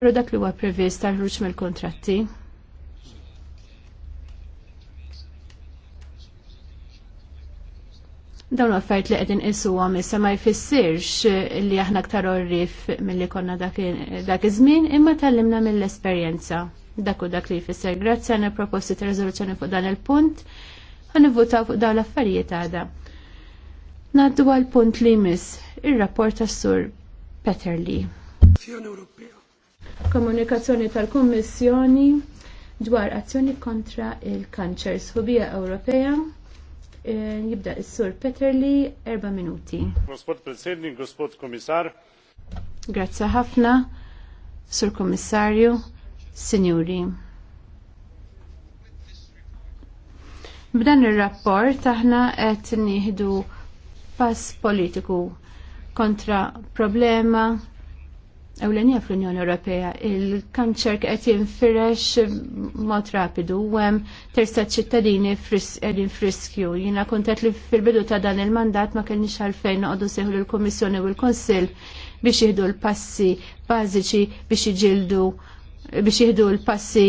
Pero dak li huwa previst tal-ħruġ mill-kontratti. Dawn affarijiet li qegħdin insuhom issa ma jfissirx li aħna aktar orrif milli konna dak iż-żmien imma tallimna mill-esperjenza. Dak u dak li jfisser grazzi għandna proposti ta' riżoluzzjoni fuq dan il-punt ħanivvutaw fuq dawn l-affarijiet għada. Naddu għal punt li jmiss ir-rapport tas-sur Peterli. Ewropea komunikazzjoni tal-Kummissjoni dwar azzjoni kontra il-kanċer sħubija Ewropea. Eh, jibda s sur Peterli, erba' minuti. Gospod Predsednik, Gospod Komissar. Grazzi ħafna, Sur Komissarju, Signuri. B'dan ir-rapport aħna qed nieħdu pass politiku kontra problema ewlenija fl-Unjoni Ewropea. Il-kanċer qed jinfirex mod rapidu u hemm terza ċittadini qegħdin friskju. Jiena kontet li fil-bidu ta' dan il-mandat ma kellniex għalfejn noqogħdu seħu lill-Kummissjoni u l-Kunsill biex jieħdu l-passi bażiċi biex jiġildu biex jieħdu l-passi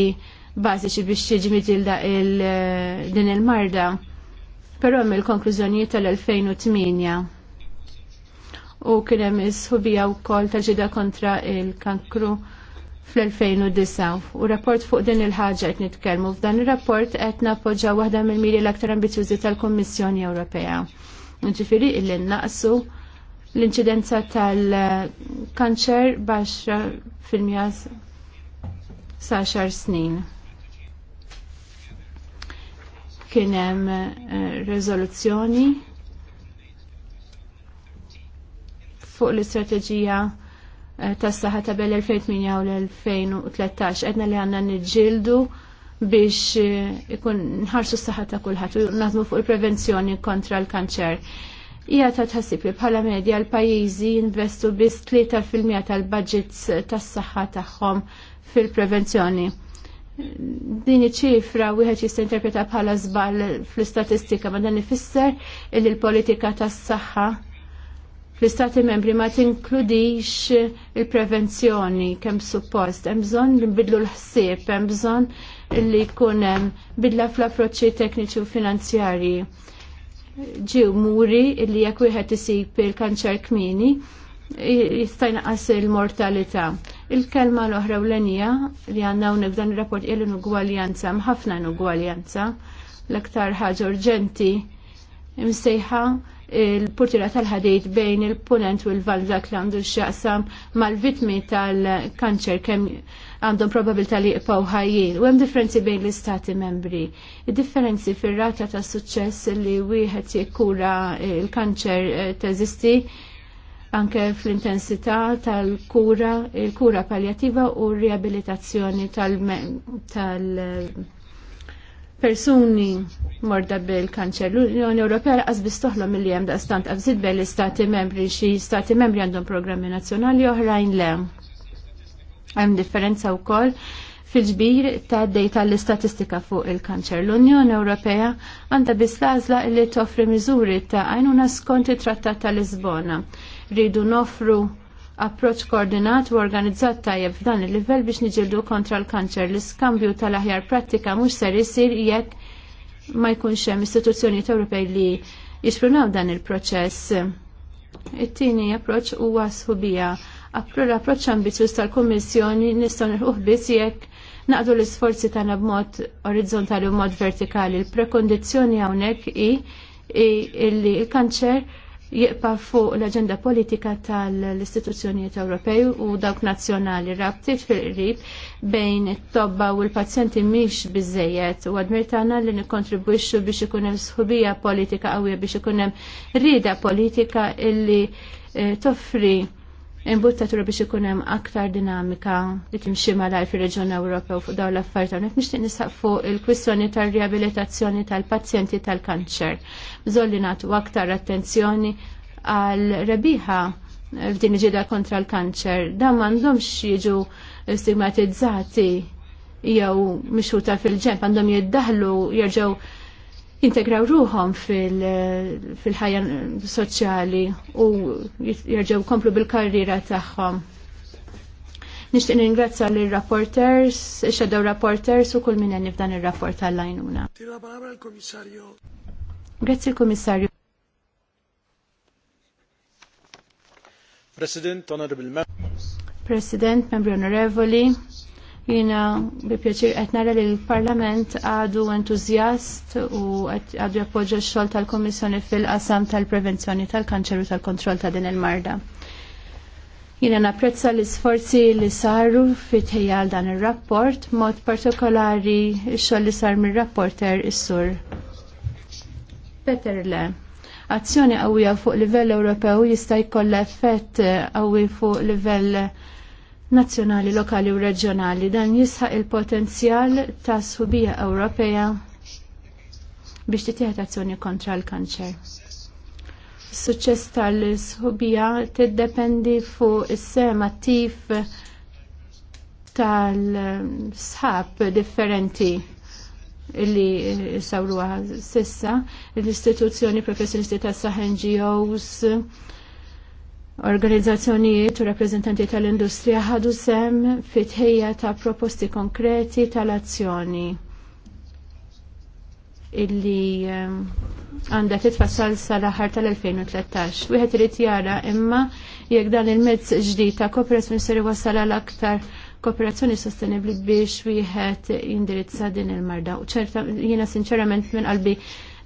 bażiċi biex jiġi miġilda din il-marda. Però hemm il konklużjonijiet tal-2008 u kien hemm is-ħubija wkoll tal-ġida kontra il-kankru fl-2009 u rapport fuq din il-ħaġa qed nitkellmu f'dan ir-rapport qed nappoġġaw waħda mill-miri l-aktar ambizjużi tal-Kummissjoni Ewropea. Ġifieri illi naqsu l-inċidenza tal-kanċer baxra fil-mjas saċar snin. Kien hemm eh, riżoluzzjoni fuq l-istrateġija eh, tas saħħa ta' bel 2008 u l-2013 għedna li għanna nġildu biex eh, ikun nħarsu s-saħħa ta' kulħadd u naħdmu fuq il-prevenzjoni kontra l-kanċer. Ija ta' tħassib li bħala medja l-pajjiżi jinvestu biss 3% tal-budgets tas-saħħa tagħhom fil-prevenzjoni. Din iċ-ċifra wieħed jista' interpreta bħala żball fl-istatistika ma dan ifisser li l-politika tas-saħħa fl-istati membri ma tinkludix il-prevenzjoni kemm suppost. Hemm bżonn li nbidlu l-ħsieb, hemm bżonn li jkun hemm bidla fl-approċċi tekniċi u finanzjarji. Ġew muri li jekk wieħed isib il-kanċer kmini jista' jnaqqas il-mortalità. Il-kelma l-oħra u l-enija li għandna hawnhekk dan il-rapport ir n-ugwaljanza, mħafna n-ugwaljanza, l-aktar ħaġa urġenti, msejħa il portira tal-ħadejt bejn il-punent u l-valda għandu xaqsam mal-vitmi tal-kanċer kem għandhom probabilta li jqpaw ħajjin. U hemm differenzi bejn l-istati membri. Differenzi fir-rata ta' suċċess li wieħed jikkura il-kanċer eh, teżisti anke fl-intensità tal-kura, il-kura paljattiva u r-riabilitazzjoni tal-, tal persuni morda bil-kanċer. L-Unjoni Ewropea għaz biss toħlom milli hemm daqstant għabżid bel stati membri xi stati membri għandhom programmi nazzjonali oħrajn le. Hemm differenza wkoll fil-ġbir ta' dejta l-istatistika fuq il-kanċer. L-Unjoni Ewropea għandha biss lażla li toffri miżuri ta' għajnuna skont it-Trattat ta' Lisbona. Ridu nofru approċ koordinat u organizzat tajjeb f'dan il-livell biex niġildu kontra l-kanċer. L-iskambju tal-aħjar prattika mhux ser isir jekk ma jkunx hemm istituzzjonijiet Ewropej li jixprunaw dan il-proċess. It-tieni approċ huwa sħubija. L-approċ ambizjuż tal-Kummissjoni nistgħu nilħuh biss jekk naqdu l-isforzi tagħna b'mod orizzontali u mod vertikali. Il-prekondizzjoni hawnhekk hi illi il-kanċer il kanċer jiqpa fuq l-agenda politika tal-istituzzjonijiet Ewropej u dawk nazzjonali rabtiet fil-qrib bejn it-tobba u l-pazjenti mhix biżejjed u għadmirtana li nikontribwixxu biex ikun hemm sħubija politika qawwija biex ikun hemm politika illi eh, toffri imbuttatura biex ikun hemm aktar dinamika li timxi malaj fir-Reġjun Ewropew fuq dawn l affarta hawnhekk nixtieq nisaq fuq il-kwistjoni tar-riabilitazzjoni tal-pazjenti tal-kanċer. Bżolli nagħtu aktar attenzjoni għal rebiħa f'din ġida kontra l-kanċer. Dan m'għandhomx jiġu stigmatizzati jew mixuta fil-ġemp għandhom jiddaħlu jerġgħu jintegraw ruħom fil-ħajja fil soċjali u jirġew komplu bil-karriera tagħhom. Nixtieq ningrazzja l rapporters shadow rapporters u kull min hemm f'dan ir-rapport tal-lajnuna. Grazzi l komissarju President, Honorable Members. President, Membri Onorevoli, Jina bi pjaċir qed nara li l-Parlament għadu entużjast u għadu jappoġġa x-xogħol tal komissjoni fil-qasam tal-prevenzjoni tal-kanċeru tal-kontroll ta' din il-marda. Jina napprezza l-isforzi li saru fit għal dan ir-rapport, mod partikolari x-xogħol li sar mir-rapporter is-sur. Peter Le azzjoni qawwija fuq livell Ewropew jista' jkollha effett qawwi fuq livell nazzjonali, lokali u reġjonali dan jisħaq il-potenzjal ta' subija Ewropea biex titieħed azzjoni kontra l-kanċer. Suċċess tal-sħubija tiddependi fuq is-sema attiv tal-sħab differenti li sawruha sissa, l-istituzzjoni professjonisti tas-saħ NGOs, organizzazzjonijiet u rappresentanti tal-industrija ħadu sem fitħejja ta' proposti konkreti tal-azzjoni illi ehm, għanda titfassal sal-aħħar tal-2013. Wieħed irid jara imma jekk dan il-mezz ġdid ta' kooperazzjoni ser iwassal għal aktar kooperazzjoni sostenibbli biex wieħed jindirizza din il-marda. U ċerta jiena sinċerament minn qalbi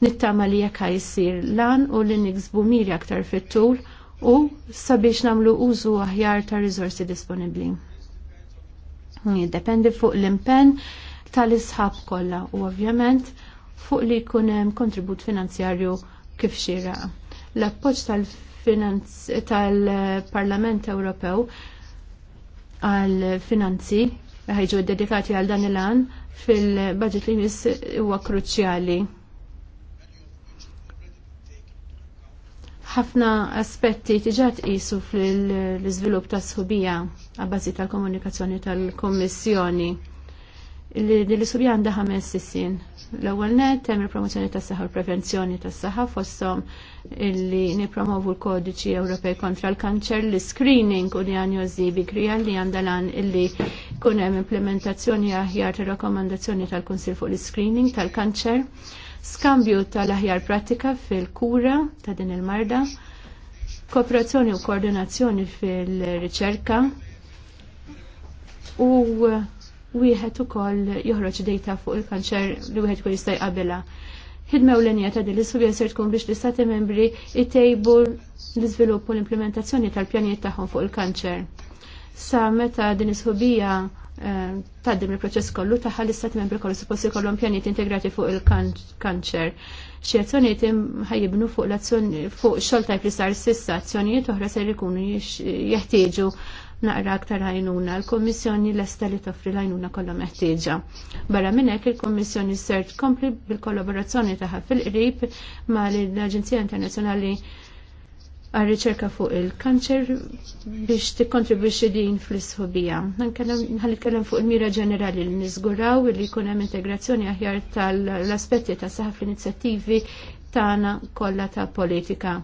nittama li jekk jsir lan u li niksbu miri aktar fit-tul u sabiex namlu użu aħjar ta' rizorsi disponibli. Jiddependi fuq l-impen tal-isħab kollha u ovvjament fuq li jkun hemm kontribut finanzjarju kif xieraq. L-appoġġ tal-Parlament tal Ewropew għal finanzi ħajġu dedikati għal dan il-għan fil-budget li huwa kruċjali. ħafna aspetti tiġat tqisu fl-iżvilupp ta' sħubija għabbażi tal-komunikazzjoni tal-Kommissjoni. L-isħubija għandha ħames sissin. L-ewwel net hemm il-promozzjoni tas-saħħa u l-prevenzjoni tas-saħħa fosthom illi nippromovu l-kodiċi Ewropej kontra l-kanċer, l-screening u diagnosi bikrija li għandha lan illi kun hemm implementazzjoni aħjar tar-rakkomandazzjoni tal-Kunsil fuq l-screening tal-kanċer skambju tal-aħjar pratika fil-kura ta' din il-marda, kooperazzjoni u koordinazzjoni fil-riċerka u wieħed ukoll joħroġ dejta fuq il-kanċer li wieħed jkun jista' jqabilha. Ħidmew l-enja ta' din l-istudja ser tkun biex l-istati membri jtejbu l-iżvilupp u l-implementazzjoni tal-pjanijiet tagħhom fuq il-kanċer sa meta din isħubija eh, taddim il-proċess kollu taħħa l-istat membri kollu supposti kollu pjanijiet integrati fuq il-kanċer. Xi azzjonijiet ħajibnu fuq l-azzjoni fuq xogħol tajb sar sissa azzjonijiet oħra se jkunu jeħtieġu naqra aktar għajnuna. L-Kommissjoni lesta li toffri l-għajnuna kollha meħtieġa. Barra minn hekk il s-sert tkompli bil-kollaborazzjoni tagħha fil-qrib mal l-Aġenzija Internazzjonali għal riċerka fuq il-kanċer biex tikkontribwixxi din fl-isħobija. Nkellem fuq il-mira ġenerali li niżguraw li jkun hemm integrazzjoni aħjar tal-aspetti ta' saħaf l-inizjattivi tagħna kollha ta' politika.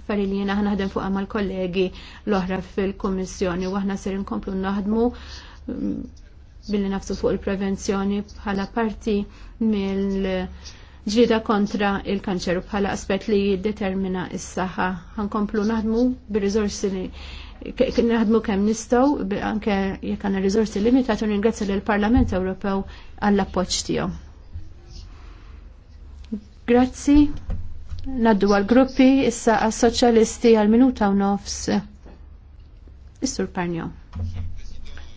Affarijiet li jiena ħnaħdem fuq mal kollegi l-oħra fil-Kummissjoni u aħna ser inkomplu naħdmu mm, billi nafsu fuq il-prevenzjoni bħala parti mill- ġrida kontra il-kanċeru bħala aspet li jiddetermina is-saħħa. Għankomplu naħdmu bir-riżorsi li naħdmu kemm nistgħu anke jekk għandna rizorsi limitat, u ningrazzja lill-Parlament Ewropew għall-appoġġ tiegħu. Grazzi. Naddu għal-gruppi issa għal soċjalisti għal-minuta u nofs. Is-Sur Parnjo.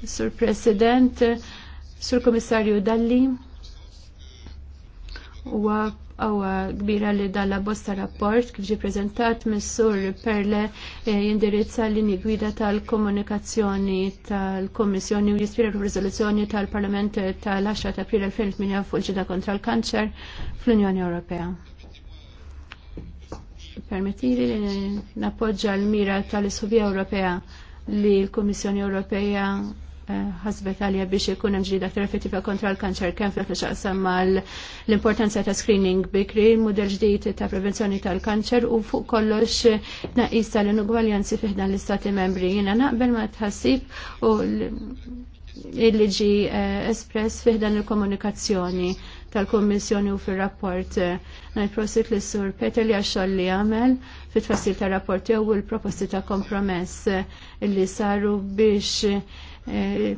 Is-Sur President, Sur Komissarju Dalli, huwa għawa kbira li dalla bosta rapport kif ġi prezentat missur perle eh, jindirizza l-linji gwida tal-komunikazzjoni tal-Komissjoni u jispira r-rizoluzzjoni tal-Parlament tal-10 ta' april 2008 fuq il-ġida kontra l-kanċer fl-Unjoni Ewropea. Permettili li nappoġġa l-mira tal-Isħubija Ewropea li l-Komissjoni Ewropea ħasbet għalija biex ikun hemm ġdida aktar effettiva kontra l-kanċer kemm fil xaqsam mal l-importanza ta' screening bikri, mudel ġdid ta' prevenzjoni tal-kanċer u fuq kollox tnaqqis tal-inugwaljanzi fih dan l-istati membri. Jiena naqbel ma tħassib u il liġi eh, espress fih dan il-komunikazzjoni tal-Kommissjoni u fil-rapport najprosit l sur Peter li għaxol li għamel fit tfassil tal-rapport jew il-proposti ta' kompromess li saru biex Eh,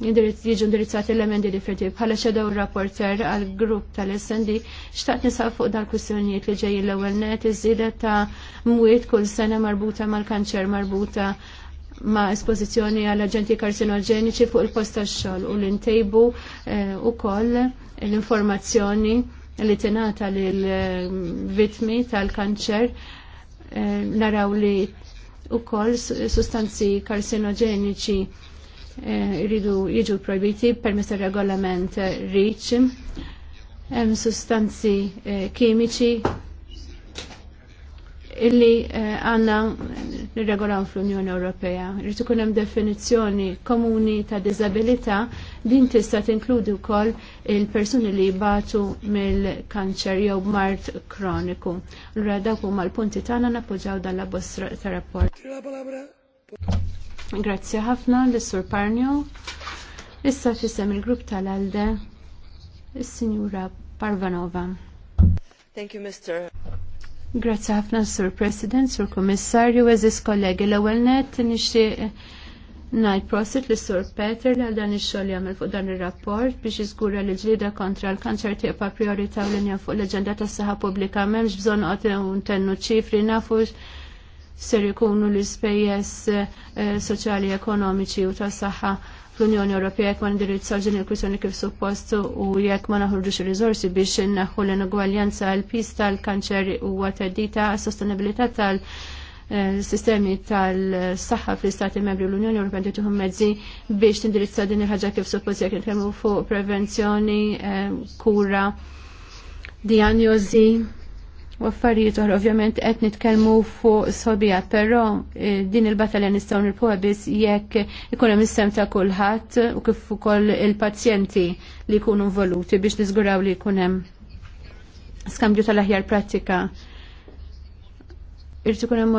jiġu indirizzati l-emendi differenti. Bħala xedaw rapporter għal grupp tal-SND, xtaqt nisaw fuq dal-kwistjonijiet li ġejjin l-ewwel net iż-żieda ta' mwiet kull sena marbuta mal-kanċer marbuta ma' espożizzjoni għal aġenti karsinogeniċi fuq il-post tax-xogħol u l-intejbu wkoll eh, l-informazzjoni li tingħata lil eh, vitmi tal-kanċer naraw li wkoll sustanzi karsinogeniċi Eh, Iridu jiġu projbiti permess regolament REACH hemm sustanzi eh, kimiċi illi eh, għanna nirregolaw fl-Unjoni Ewropea. Irid ikun hemm definizzjoni komuni ta' diżabilità din tista' tinkludi wkoll il-persuni li jibatu mill-kanċer jew mart kroniku. Allura dawk huma l-punti tagħna nappoġġaw dan l-abbozz tar rapport. Grazzi ħafna l-Sur Parnio. Issa fissem il-grupp tal-Alde, il signura Parvanova. Thank you, Mr. Grazzi ħafna Sur President, Sur Komissarju, eżis kollegi l-ewel net, nixi Najt prosit l sur Peter li għal dan ix-xogħol jagħmel fuq dan ir-rapport biex jizgura li ġlida kontra l-kanċer tieqa priorita u linja fuq l-aġenda tas publika pubblika m'hemmx bżonn un tennu ċifri nafu ser ikunu l-ispejjeż eh, soċjali, ekonomiċi u tas saħħa fl-Unjoni Ewropea jekk ma ndirizzaw din il-kwistjoni kif suppost u jekk ma naħorġux ir-riżorsi biex inneħħu l-inugwaljanza l-pis tal-kanċer huwa teddita għas-sostenibilità tal- eh, sistemi tal-saħħa fl-Istati Membri u l-Unjoni Ewropea tituħum mezzi biex tindirizza din il-ħaġa kif suppost jekk nitkellmu fuq prevenzjoni, eh, kura, diagnosi u affarijiet oħra ovvjament qed nitkellmu fuq sobija, però eh, din il-battalja nistgħu nirpuha biss jekk ikun hemm is-sem ta' kulħadd u kif ukoll il-pazjenti li jkunu involuti biex niżguraw li jkun hemm skambju tal-aħjar prattika irti ikun hemm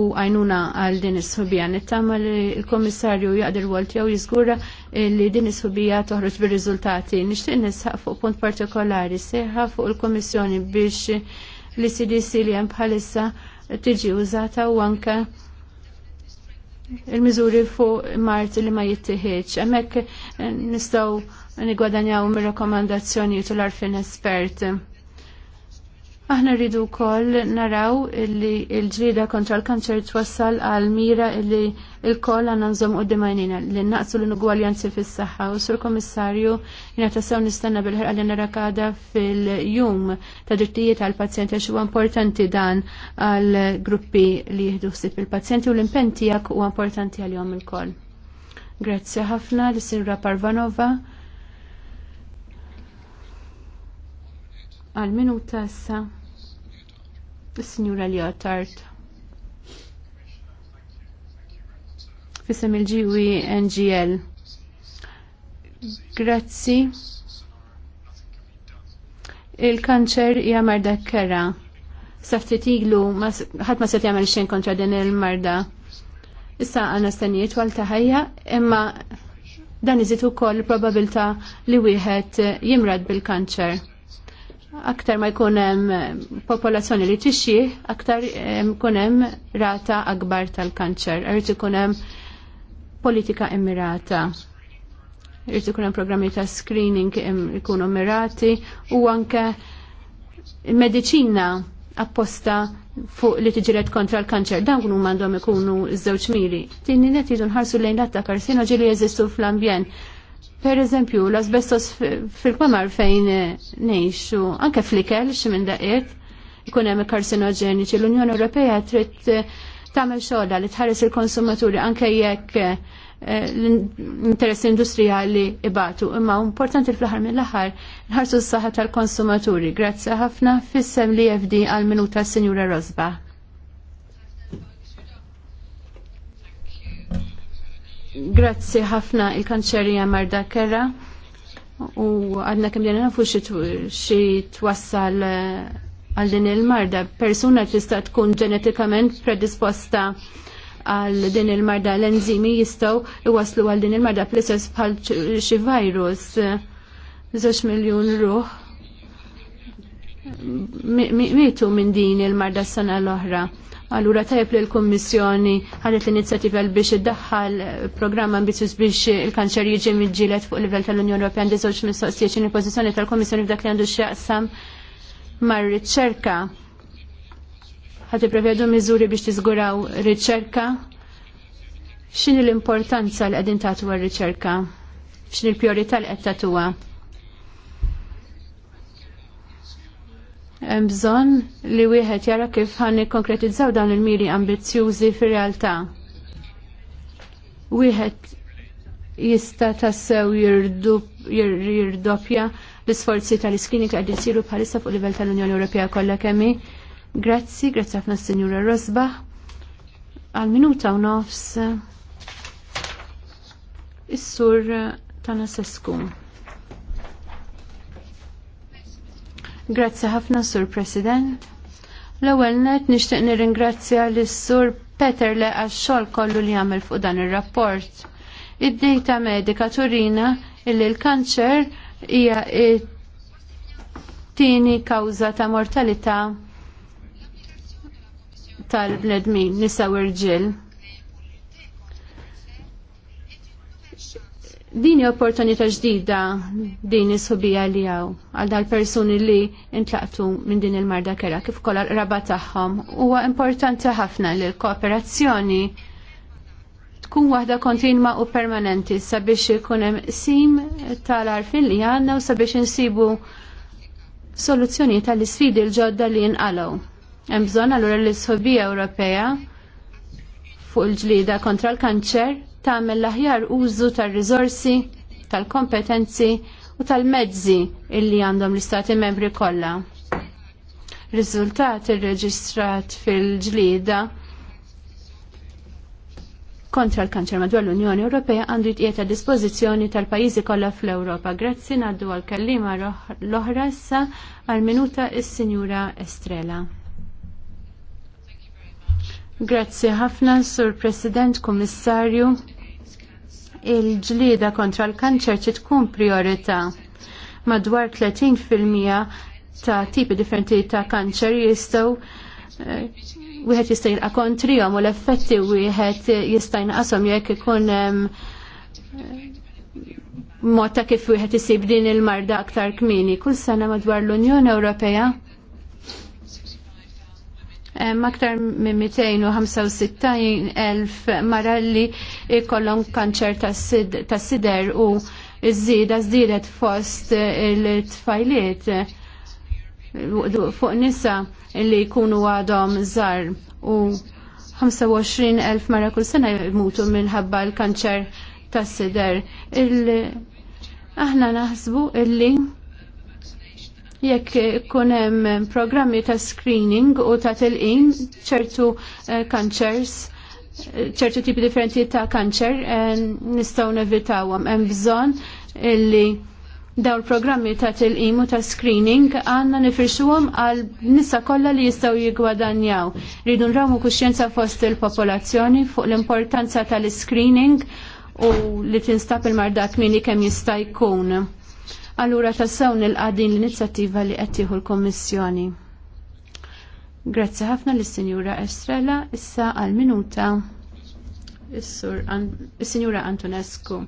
u għajnuna għal din is-subija. Nittama li l-Komissarju jgħadir wol jew jiżgura li din is-subija toħroġ bir-riżultati. Nixtieq nisħaq fuq punt partikolari seħħa fuq il-Komissjoni biex li cdc li hemm bħalissa tiġi użata u anke il-miżuri fuq mart li ma jittieħedx. Hemmhekk nistgħu nigwadanjaw mir-rakkomandazzjonijiet u l-arfin espert. Aħna rridu wkoll naraw li l-ġlieda kontra l-kanċer twassal għal mira li lkoll koll għandna nżomm quddiem għajnina li naqsu l-inugwaljanzi fis-saħħa u sur Kommissarju jiena tassew nistenna bil-ħerqa li narakada fil-jum ta' drittijiet għal pazjenti għax huwa importanti dan għal gruppi li jieħdu ħsieb il-pazjenti u l impentijak tiegħek huwa importanti għalihom il-koll. Grazzi ħafna l-Sinra Parvanova. għal minuta issa is-Sinjura Leotard. fissam il-ġiwi NGL. Grazzi. Il-kanċer hija marda kera. Saftit iglu, ħadd ma se jagħmel xejn kontra din il-marda. Issa għandna stennijiet għal ta' ħajja, imma dan iżid ukoll probabilità li wieħed jimrad bil-kanċer aktar ma jkun hemm eh, popolazzjoni li tixxi, aktar eh, jkun hemm rata akbar tal-kanċer. Irid ikun hemm politika immirata. Irid ikun hemm programmi ta' screening ikunu mirati u anke mediċina apposta fuq li tiġilet kontra l-kanċer. Dan kunu mandom ikunu żewġ miri. Tinni net jidu nħarsu lejn l attakar sinoġi li jeżistu fl-ambjent Per eżempju, l-asbestos fil-kwamar fejn eh, neħxu, anke flikel, xi minn daqiet, ikun hemm karsinoġeniċi, l-Unjoni Ewropea trid eh, tagħmel xoda li tħares il-konsumaturi anke jekk eh, l-interess industrijali ibatu. Imma importanti fl-aħħar mill-aħħar nħarsu s-saħħa tal-konsumaturi. Grazzi ħafna fissem li FD għal-minuta Sinjura Rosbach. Grazzi ħafna il-kanċerija Marda Kerra u għadna kem jena nafu xie twassal eh, għal din il-marda. Persuna tista' tkun ġenetikament predisposta għal din il-marda l-enzimi jistaw iwaslu għal din il-marda plisess bħal xi virus. Zox miljon ruħ. Mitu minn din il-marda s-sena l-oħra. Allura tajb li l-Kommissjoni ħadet l-inizjativa biex iddaħħal programm ambizjuż biex il-kanċer jiġi mill-ġilet fuq livell tal-Unjoni Ewropea għandi żewġ mistoqsijiet il pożizzjoni tal-Kommissjoni f'dak li għandu x'jaqsam mar-riċerka. Ħadd ipprevedu miżuri biex tiżguraw riċerka. X'inhi l-importanza li qegħdin tagħtu r riċerka X'inhi l-pjorità li qed tagħtuha? Hemm bżonn li wieħed jara kif ħan konkretizzaw dawn il-miri ambizzjużi fir-realtà. Wieħed jista' tassew jirdoppja l-isforzi tal-iskini ta' isiru bħalissa fuq livell tal-Unjoni Ewropea kollha kemmi. Grazzi, grazzi ħafna Sinjura Rosba. Għal minuta u nofs is-sur Tanasescu. Grazzi ħafna, Sur President. L-ewwel net nixtieq nirringrazzja lis-Sur Peterle għax-xogħol kollu li jagħmel fuq dan ir-rapport. Id-dejta medika turina illi l-kanċer hija tieni kawża ta' mortalità tal-bnedmin, nisa u rġil. dini opportunità ġdida din is-subija li għaw għal dal-persuni li intlaqtu minn din il-marda kera kif kolla raba tagħhom. Huwa importanti ħafna li l-kooperazzjoni tkun waħda kontinwa u permanenti sabiex ikun hemm sim tal-arfin li għandna u sabiex insibu soluzzjoni tal-isfidi l-ġodda li nqalgħu. Hemm bżonn allura l sobija Ewropea fuq il-ġlida kontra l-kanċer tagħmel l-aħjar użu tar-riżorsi, tal-kompetenzi u tal-mezzi illi għandhom l-istati membri kollha. Riżultat irreġistrat fil ġlieda kontra l-kanċer madwar l-Unjoni Ewropea għandu jitqiet għad dispożizzjoni tal-pajjiżi kollha fl-Ewropa. Grazzi ngħaddu għall-kellima l-oħra issa għal minuta is-Sinjura Estrela. Grazzi ħafna, Sur President, Kommissarju. Il-ġlida kontra l-kanċer ċi tkun priorita Madwar 30% ta' tipi differenti ta' kanċer jistgħu eh, wieħed jista' jilqa' kontrihom u l-effetti wieħed jista' jinqashom jekk ikun eh, mod ta' kif wieħed isib din il-marda aktar kmieni. Kull sena madwar l-Unjoni Ewropea maktar minn 265.000 mara li jkollhom kanċer ta' sider u iż-żieda żdiedet fost il-tfajliet eh, fuq nisa li jkunu għadhom żar u 25.000 mara kull sena jmutu minħabba l-kanċer tas-sider. Aħna naħsbu illi jekk kun hemm programmi ta' screening u ta' telqin ċertu kanċers eh, eh, ċertu tipi differenti ta' kanċer eh, nistgħu nevitawhom hemm bżonn illi daw il-programmi ta' tilqim u ta' screening għanna nifirxuhom għal nisa kollha li jistgħu jigwadanjaw. Rridu nrawmu kuxjenza fost il-popolazzjoni fuq l-importanza tal-screening u li tinstab il-mardat mini kemm jista' jkun Allura tassawn il-qadin l-inizjattiva li qed tieħu l-Kommissjoni. Grazzi ħafna l sinjura Estrella, issa għal minuta is-Sinjura Antonescu.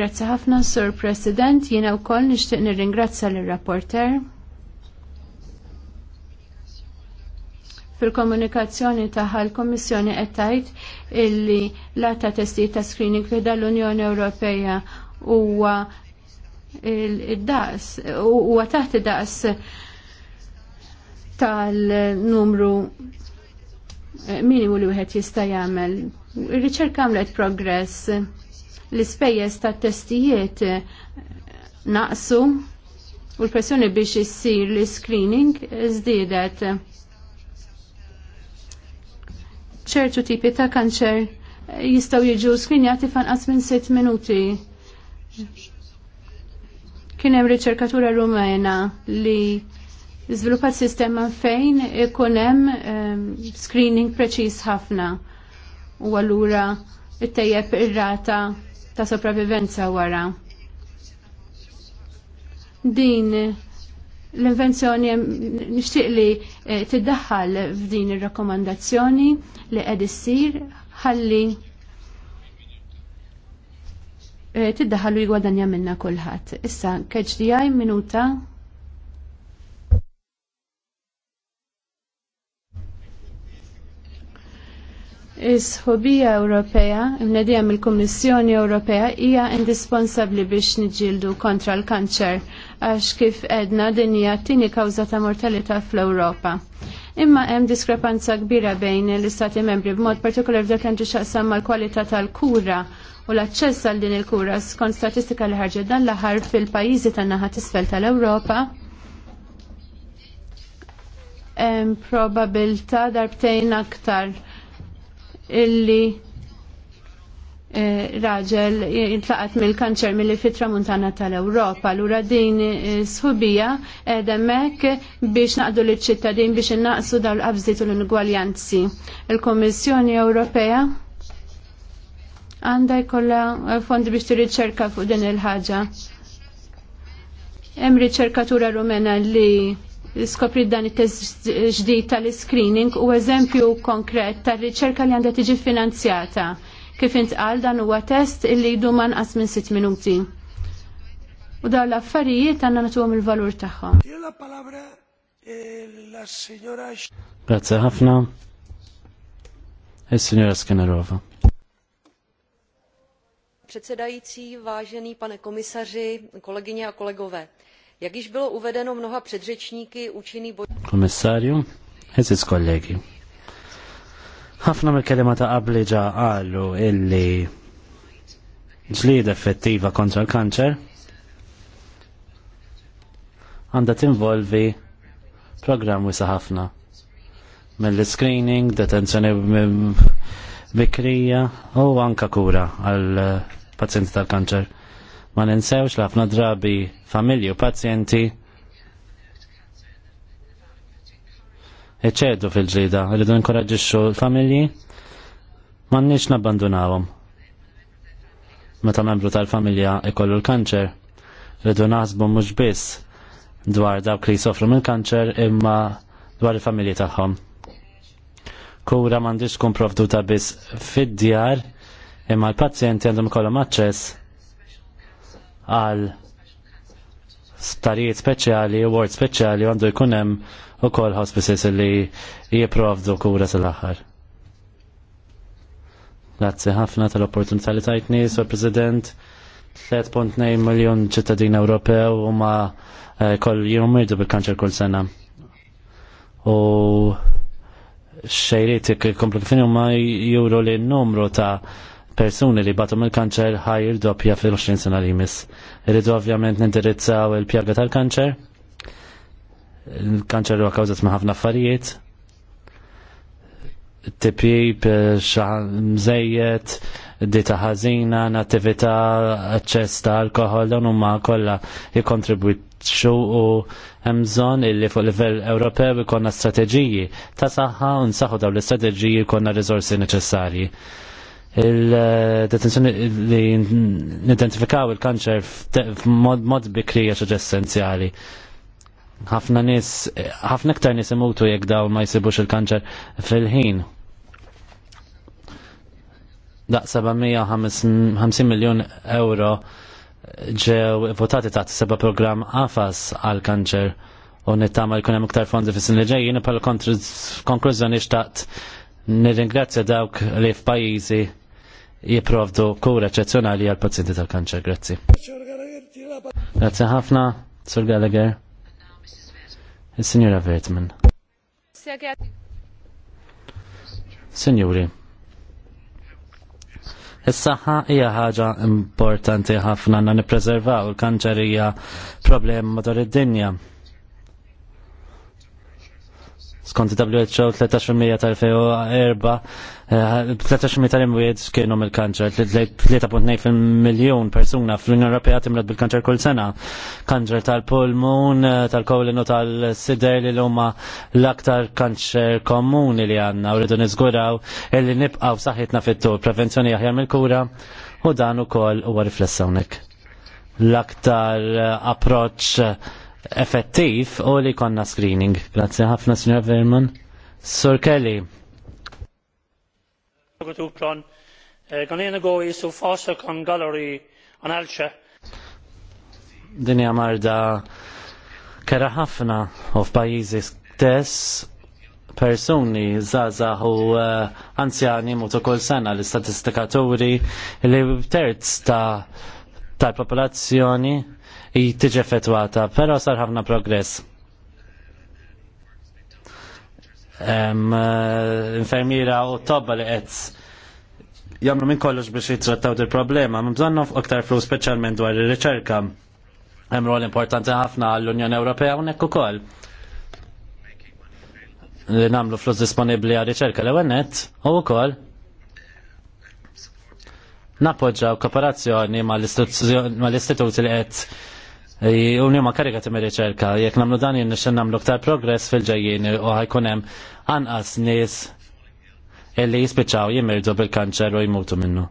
Grazzi ħafna, Sur President, jiena wkoll nixtieq nirringrazza l rapporter Fil-komunikazzjoni tagħha l-Kommissjoni qed tgħid illi l għata testi ta' screening fih l-Unjoni Ewropeja huwa il-daqs u taħt id-daqs tal-numru eh, minimu li wieħed jista' jagħmel. Ir-riċerka għamlet progress l-ispejjeż tat-testijiet eh, naqsu u l-pressjoni biex issir l-screening żdiedet. ċertu tipi ta' kanċer eh, jistgħu jiġu skrinjati fanqas minn sitt minuti Kien hemm riċerkatura rumena li żviluppat sistema fejn ikun hemm ehm, screening preċiż ħafna u allura ittejjeb ir-rata ta' sopravivenza wara. Din l-invenzjoni nixtieq li eh, tiddaħħal f'din ir-rakkomandazzjoni li qed issir ħalli Eh, tiddaħallu jgwadanja minna kullħat. Issa, għaj minuta. Is-ħobija Ewropea, imnedija mill-Kummissjoni Ewropea, hija indisponsabbli biex niġġieldu kontra l-kanċer għax kif edna din hija t-tieni kawża ta' mortalità fl-Ewropa. Imma hemm diskrepanza kbira bejn l-Istati membri b'mod partikolar f'dak li ntixaqsam mal-kwalità tal-kura u l-aċċess għal din il-kura skont statistika li ħarġet dan l-aħħar fil-pajjiżi tan-naħa tisfel tal-Ewropa hemm probabilità darbtejn aktar illi eh, raġel intlaqat mill-kanċer mill fitra muntana tal-Ewropa. ura din eh, sħubija edemek biex naqdu l-ċittadin biex innaqsu dal l u l-ingwaljanzi. Il-Kommissjoni Ewropea Għandaj jkollha eh, fondi biex tirriċerka fuq din il-ħaġa. Hemm riċerkatura rumena li skopri dan it-test ġdid tal-screening u eżempju konkret tar-riċerka li għandha tiġi finanzjata. Kif intqal dan huwa test illi jdu manqas minn sitt minuti. U daw l-affarijiet għandna nagħtuhom il-valur tagħhom. Eh, Grazie ħafna. Il-Signora e Skenerova předsedající vážený pane komisaři kolegyně a kolegové jak již bylo uvedeno mnoha předřečníky účinný boj Komissarju, eżis kollegi. Ħafna mill-kelima ta' qabli illi ġlied effettiva kontra l-kanċer għandha tinvolvi programm wisa ħafna mill-screening, detenzjoni bikrija u anka kura għal pazjenti tal-kanċer. Ma ninsewx li ħafna drabi familji u pazjenti iċedu fil-ġlida, rridu nkoraġġixxu l-familji m'għandniex nabbandunawhom. Meta membru tal-familja ikollu l-kanċer, rridu naħsbu mhux biss dwar dawk li jsofru mill-kanċer imma dwar il-familji tagħhom. Kura m'għandix tkun provduta biss fid-djar, imma l-pazjenti għandhom ikollhom aċċess għal starijiet speċjali, ward speċjali għandu jkun hemm ukoll hospices li jipprovdu kura sal-aħħar. Grazzi ħafna tal-opportunità li tajtni, Sur President. 3.9 miljon ċittadin Ewropew u ma eh, koll jom mirdu bil-kanċer kull sena. U xejriet komplu kifin ma juru li n-numru ta' persuni li batum il-kanċer ħajr doppja fil-20 sena li jmiss. Irridu ovvjament nindirizzaw il-pjaga tal-kanċer. Il-kanċer huwa kawżat ma' ħafna affarijiet. Tipjib, mżejjed, dita ħażina, nattività, aċċess ta' alkohol, dawn huma kollha jikkontribwixxu u hemm bżonn illi fuq livell Ewropew ikonna strateġiji ta' saħħa u nsaħħu dawn l-istrateġiji jkollna riżorsi neċessarji il-detenzjoni li nidentifikaw il-kanċer f'mod mod bikri għax essenzjali. Ħafna nis, ħafna ktar nis imutu jekk dawn ma jsibux il-kanċer fil-ħin. Da' 750 miljon euro ġew votati taħt seba program AFAS għal-kanċer u nittama jkun hemm iktar fondi fis-sin li ġejjin pal konklużjoni xtaqt nirringrazzja dawk li f'pajjiżi jiprovdu kura eccezzjonali għal pazjenti tal-kanċer. Grazzi. Grazzi ħafna, Sur Gallagher. il signora Vertman. Signori, Is-saħħa hija ħaġa importanti ħafna għandna nippreservaw il-kanċer hija problem madwar id-dinja. Skont WHO 13% tal-2004 13 mitar imwiet kienu mill-kanċer, 3.2 miljon persuna fl-Unjoni Ewropea timret bil-kanċer kull sena. Kanċer tal-pulmun, tal u tal-sider li huma l-aktar kanċer komuni li għanna u rridu niżguraw illi nibqaw saħitna fit-tur, prevenzjoni aħjar mill-kura u dan ukoll huwa riflessa hawnhekk l-aktar approċ effettiv u li konna screening. Grazie ħafna, Signor Verman. Sur Kelly, Eh, Dinja marda kera ħafna u f'pajjiżi stess persuni żgħażagħ u eh, anzjani mutu kull sena l-istatistikaturi li terz ta' tal-popolazzjoni tiġi effettwata, però sar ħafna progress. Eh, infermiera u tobba li għedz jagħmlu minn kollox biex jitrattaw il problema ma bżonn aktar flus speċjalment dwar ir-riċerka. Hemm rol importanti ħafna għall-Unjoni Ewropea hawnhekk ukoll. Li nagħmlu flus disponibbli għal riċerka l-ewwel nett u wkoll nappoġġaw kooperazzjoni mal-istituti li qed Unju ma karika timmi riċerka, jek namlu dan jinnixen namlu ktar progress fil ġajjien u ħajkunem anqas nis illi jispiċaw jimirdu bil-kanċer u jmutu minnu.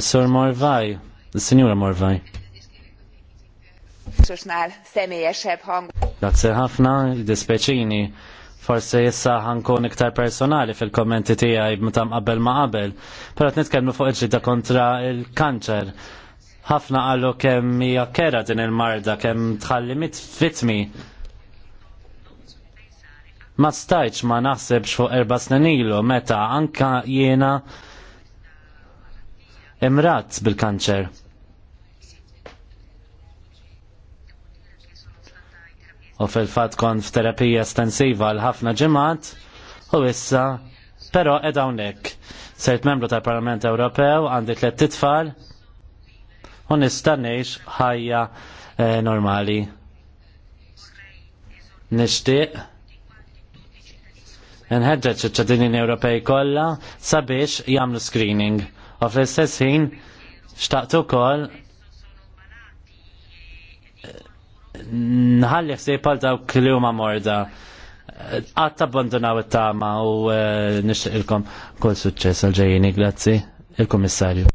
Is-sur Morvaj, is-sinjura Morvaj. Sosnál személyesebb hang. Grazie ħafna, dispeċini forse jissa ħankun iktar personali fil-kommenti tijaj mtam qabel ma qabel, pero t-nitkelmu fuq il da kontra il-kanċer ħafna qalu kemm hija kera din il-marda kemm tħalli mit fitmi. Ma stajċ ma naħsebx fuq erba' snin ilu meta anka jiena imrat bil-kanċer. U fil-fat f f'terapija estensiva għal ħafna ġimgħat u issa però edawnek. hawnhekk. Sejt membru tal-Parlament Ewropew għandi tlet titfal u nista' ħajja eh, normali. Nixtieq nħeġġeġ iċ Ewropej kollha sabiex jagħmlu screening. U fl-istess ħin xtaqt ukoll nħalli ħsieb għal dawk li huma morda. Qatt abbandonaw it-tama u eh, il-kom kull suċċess għal ġejjini, grazzi. il komissarju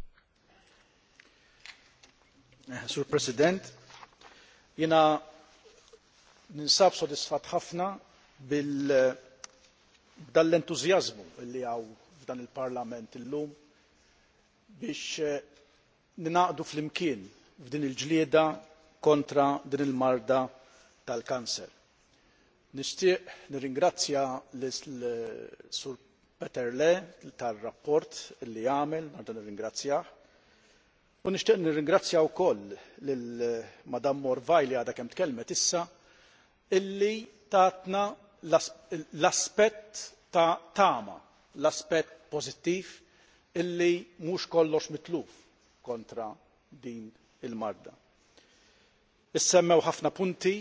Sur President, jina ninsab sodisfat ħafna bil dall-entużjażmu li għaw f'dan il-Parlament illum biex eh, ninaqdu flimkien f'din il-ġlieda kontra din il-marda tal-kanser. Nixtieq nirringrazzja l sur Peter Le tar-rapport li għamel, għandna nirringrazzjah, U nixtieq nirringrazzja wkoll lil eh, Madam Morvaj li għadha kemm tkellmet issa illi tatna l-aspett ta' tama, l-aspett pożittiv illi mhux kollox mitluf kontra din il-marda. Issemmew ħafna punti,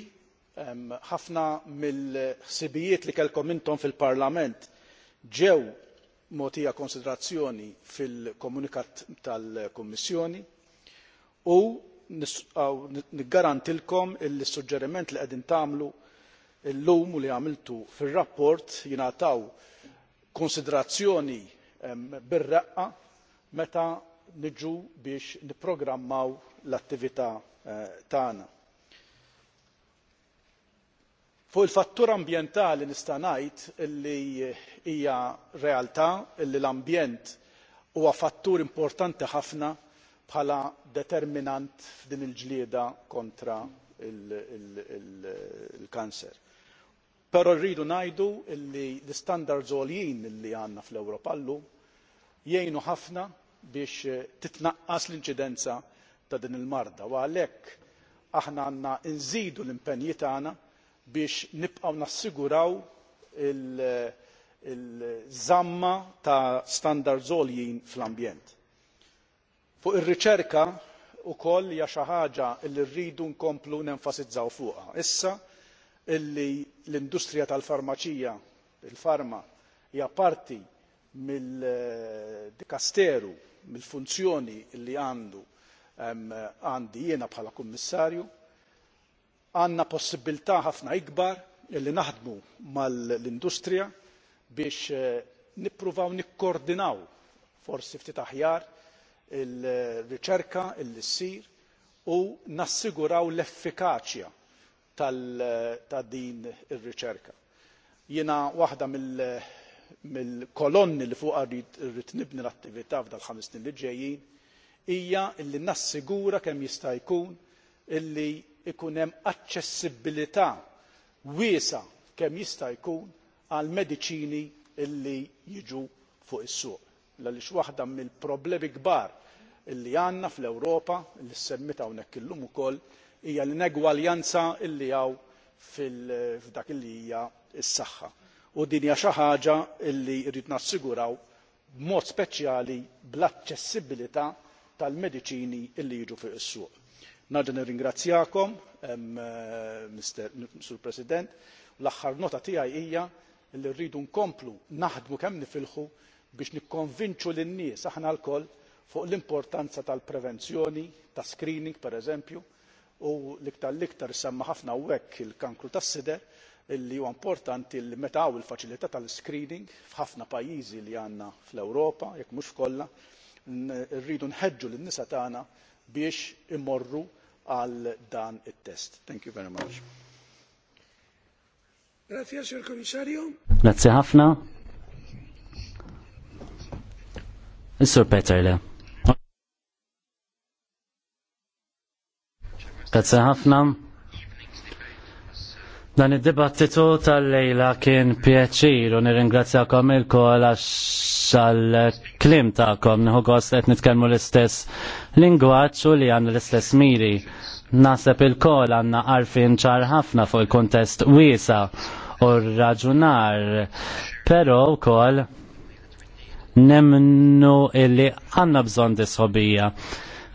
ħafna mill-ħsibijiet li kellkom intom fil-Parlament ġew mogħtija konsiderazzjoni fil-komunikat tal-Kummissjoni u niggarantilkom li s-suġġeriment li qegħdin tagħmlu llum u li għamiltu fir-rapport jingħataw konsiderazzjoni bir-reqqa meta niġu biex nipprogrammaw l-attività eh, tagħna. Fuq il-fattur ambjentali nista' ngħid li hija realtà li l-ambjent huwa fattur importanti ħafna bħala determinant f'din il-ġlieda kontra il-kanser. Però rridu ngħidu li l-istandards għoljin li għandna fl-Ewropa llum jgħinu ħafna biex titnaqqas l-inċidenza ta' din il-marda u għalhekk aħna għandna nżidu l-impenji tagħna biex nibqgħu nassiguraw il-żamma ta' standards għoljin fl-ambjent. Fuq ir-riċerka wkoll hija xi ħaġa li rridu nkomplu nenfasizzaw fuqha. Issa illi l-industrija tal-farmaċija, il-farma, hija parti mill-dikasteru, mill-funzjoni li għandu għandi jiena bħala kummissarju, għandna possibilità ħafna ikbar illi naħdmu mal-industrija biex eh, nippruvaw nikkoordinaw forsi ftit aħjar il-riċerka illi ssir u nassiguraw l-effikaċja ta' din ir-riċerka. Jiena waħda mill-kolonni li fuqha rrid nibni l-attività f'dal ħames snin li ġejjin hija li nassigura kemm jista' jkun illi ikun hemm aċċessibilità wiesa' kemm jista' jkun għall mediċini li jiġu fuq is-suq għaliex waħda mill-problemi kbar li għandna fl-Ewropa li semmit hawnhekk illum ukoll hija l-inegwaljanza li hawn f'dak li hija s-saħħa u din hija xi ħaġa li rrid nassiguraw b'mod speċjali bl-aċċessibilità tal-mediċini li jiġu fuq is-suq. Nagħġa' nirringrazzjakom, eh, Sur President, l-aħħar nota tiegħi hija li rridu nkomplu naħdmu kemm nifilħu biex nikkonvinċu lin-nies aħna lkoll fuq l-importanza tal-prevenzjoni, ta' screening pereżempju, u l-iktar l-iktar semma ħafna hekk il-kankru tas-sider illi huwa importanti li meta hawn il-faċilità tal-screening f'ħafna pajjiżi li għandna fl-Ewropa, jekk mhux f'kollha, rridu nħeġġu lin-nisa tagħna biex imorru għal dan it-test. Thank you very much. Grazie, Sir Komissarju. Grazie Hafna. Is-Sur Peterle. Grazie Hafna. Dan id-dibattitu tal-lejla kien pieċir u nirringrazzjakom il-kol għax għal-klim kom, nħu għost għet nitkelmu l-istess lingwaċ u li għan l-istess miri. Nasab il-kol għanna għarfin ċar ħafna fuq il-kontest wisa u raġunar, pero u kol nemnu illi għanna bżon disħobija.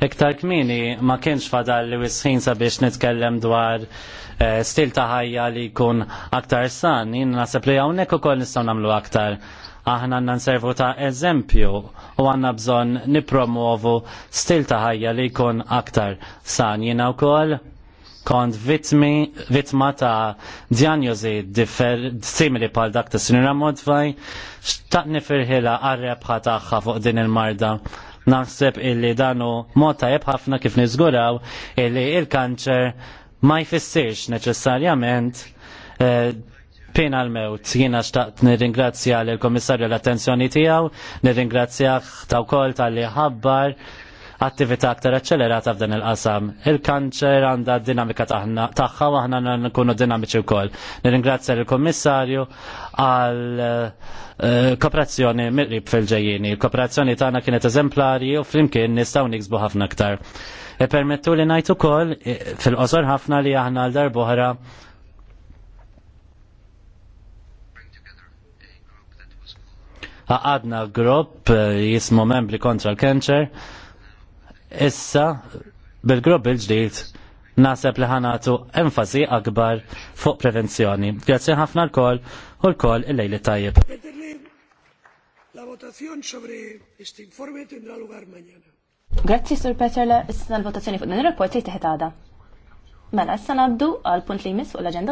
Iktar kmini ma kienx fadal li wisħin sabiex nitkellem dwar eh, stil ta' ħajja li jkun aktar san, jien nasib li hawnhekk ukoll nistgħu nagħmlu aktar. Aħna għanna nservu ta' eżempju u għanna bżon nipromuovu stil ta' ħajja li jkun aktar san jina u kol kont vitmi, vitma ta' djanjozi differ, simili pal dak ta' sinira modfaj, xtaq nifirħila għarrebħa taħħa fuq din il-marda naħseb illi danu mota tajjeb ħafna kif niżguraw illi il-kanċer ma jfissirx neċessarjament eh, pena l-mewt. Jina xtaqt nirringrazzja l-Komissarju l-attenzjoni tijaw, nirringrazzja taw kol tal-li ħabbar attività aktar accelerata f'dan il-qasam. Il-kanċer għanda dinamika taħna taħħa u aħna nkunu dinamiċi wkoll. Nirringrazzja l-Kummissarju għal eh, kooperazzjoni mirrib qrib fil ġejjini Il-kooperazzjoni tagħna kienet eżemplari u flimkien nistgħu niksbu ħafna aktar. E permettu li ngħid ukoll eh, fil-qosor ħafna li aħna l-darbohra għadna grupp eh, jismu membri kontra l-kenċer. Issa, bil-grupp il-ġdijt, nasab li ħanatu enfasi akbar fuq prevenzjoni. Grazie ħafna l-kol u l-kol il-lejli tajib. La Grazzi, Sur Peterle, issa l-votazzjoni fuq din ir-rapport teħet għada. Mela, issa naddu għal punt li jmiss fuq l agenda